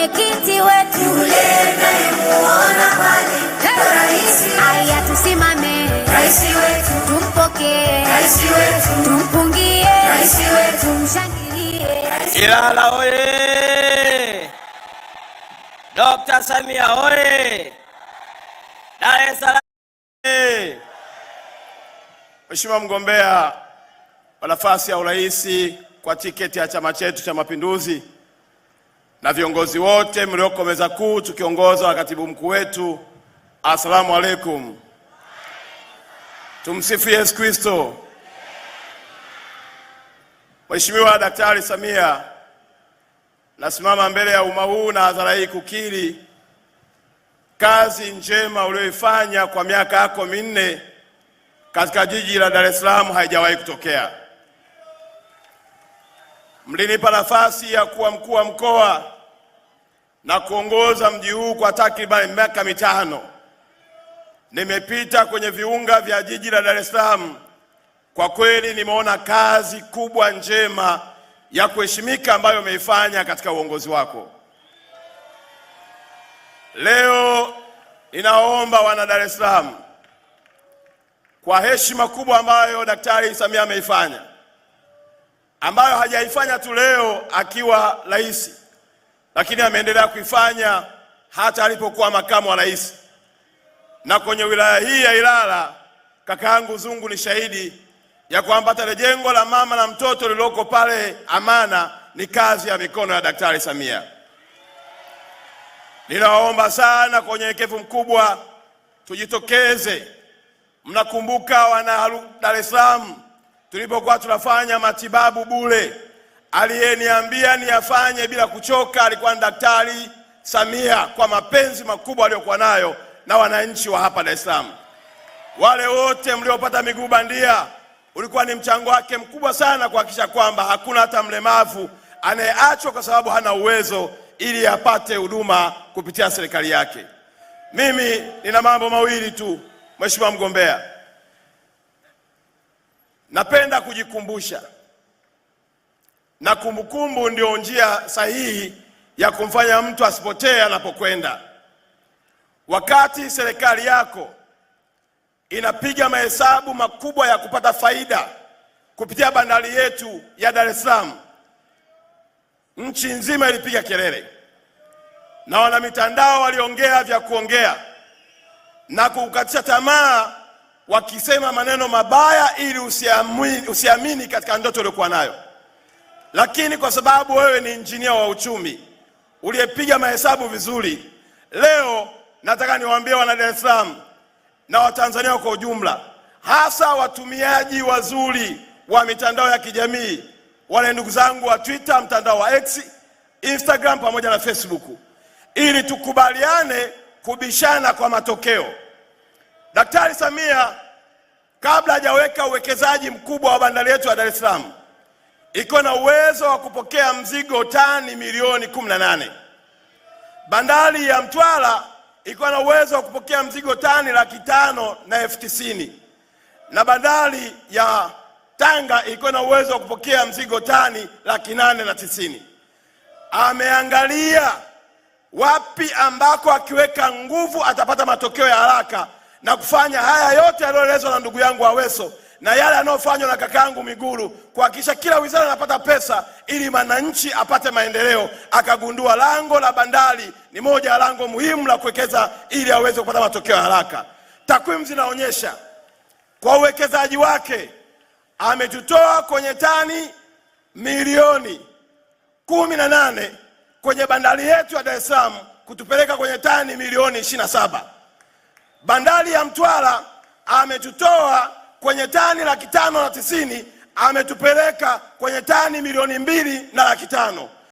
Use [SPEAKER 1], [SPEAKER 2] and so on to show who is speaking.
[SPEAKER 1] mwenyekiti wetu
[SPEAKER 2] yule pale Rais
[SPEAKER 1] aya, tusimame
[SPEAKER 2] rais wetu,
[SPEAKER 1] tumpokee
[SPEAKER 2] rais wetu,
[SPEAKER 1] tumpungie
[SPEAKER 2] rais wetu,
[SPEAKER 1] tumshangilie.
[SPEAKER 3] Ilala oye! Dr. Samia oye! Dar es Salaam Mheshimiwa mgombea wa nafasi ya urais kwa tiketi ya chama chetu cha Mapinduzi na viongozi wote mlioko meza kuu tukiongozwa na katibu mkuu wetu. Asalamu alaikum, tumsifu Yesu Kristo. Mheshimiwa Daktari Samia, nasimama mbele ya umma huu na hadhara hii kukiri kazi njema uliyoifanya kwa miaka yako minne katika jiji la Dar es Salaam haijawahi kutokea mlinipa nafasi ya kuwa mkuu wa mkoa na kuongoza mji huu kwa takribani miaka mitano. Nimepita kwenye viunga vya jiji la Dar es Salaam, kwa kweli nimeona kazi kubwa njema ya kuheshimika ambayo umeifanya katika uongozi wako. Leo ninaomba wana Dar es Salaam, kwa heshima kubwa ambayo Daktari Samia ameifanya ambayo hajaifanya tu leo akiwa rais, lakini ameendelea kuifanya hata alipokuwa makamu wa rais. Na kwenye wilaya hii ya Ilala, kaka yangu Zungu ni shahidi ya kwamba hata jengo la mama na mtoto lililoko pale Amana ni kazi ya mikono ya Daktari Samia. Ninawaomba sana kwa unyenyekevu mkubwa tujitokeze. Mnakumbuka wana Dar es Salaam tulipokuwa tunafanya matibabu bule aliyeniambia niyafanye bila kuchoka alikuwa ni Daktari Samia, kwa mapenzi makubwa aliyokuwa nayo na wananchi wa hapa Dar es Salaam. Wale wote mliopata miguu bandia, ulikuwa ni mchango wake mkubwa sana kuhakikisha kwamba hakuna hata mlemavu anayeachwa kwa sababu hana uwezo, ili apate huduma kupitia serikali yake. Mimi nina mambo mawili tu, Mheshimiwa mgombea Napenda kujikumbusha, na kumbukumbu ndio njia sahihi ya kumfanya mtu asipotee anapokwenda. Wakati serikali yako inapiga mahesabu makubwa ya kupata faida kupitia bandari yetu ya Dar es Salaam, nchi nzima ilipiga kelele na wanamitandao waliongea vya kuongea na kukatisha tamaa wakisema maneno mabaya ili usiamini, usiamini katika ndoto uliokuwa nayo. Lakini kwa sababu wewe ni injinia wa uchumi uliyepiga mahesabu vizuri, leo nataka niwaambie wana Dar es Salaam na Watanzania kwa ujumla, hasa watumiaji wazuri wa mitandao ya kijamii, wale ndugu zangu wa Twitter, mtandao wa X, Instagram pamoja na Facebook, ili tukubaliane kubishana kwa matokeo Daktari Samia kabla hajaweka uwekezaji mkubwa wa bandari yetu ya Dar es Salaam iko na uwezo wa kupokea mzigo tani milioni 18. Bandari ya Mtwara iko na uwezo wa kupokea mzigo tani laki tano na elfu tisini na bandari ya Tanga iko na uwezo wa kupokea mzigo tani laki nane na tisini. Ameangalia wapi ambako akiweka nguvu atapata matokeo ya haraka na kufanya haya yote yaliyoelezwa na ndugu yangu Aweso na yale yanayofanywa na kaka yangu Miguru kuhakikisha kila wizara anapata pesa ili mwananchi apate maendeleo. Akagundua lango la bandari ni moja ya lango muhimu la kuwekeza ili aweze kupata matokeo ya haraka. Takwimu zinaonyesha kwa uwekezaji wake ametutoa kwenye tani milioni kumi na nane kwenye bandari yetu ya Dar es Salaam kutupeleka kwenye tani milioni ishirini na saba bandari ya Mtwara ametutoa kwenye tani laki tano na tisini ametupeleka kwenye tani milioni mbili na laki tano.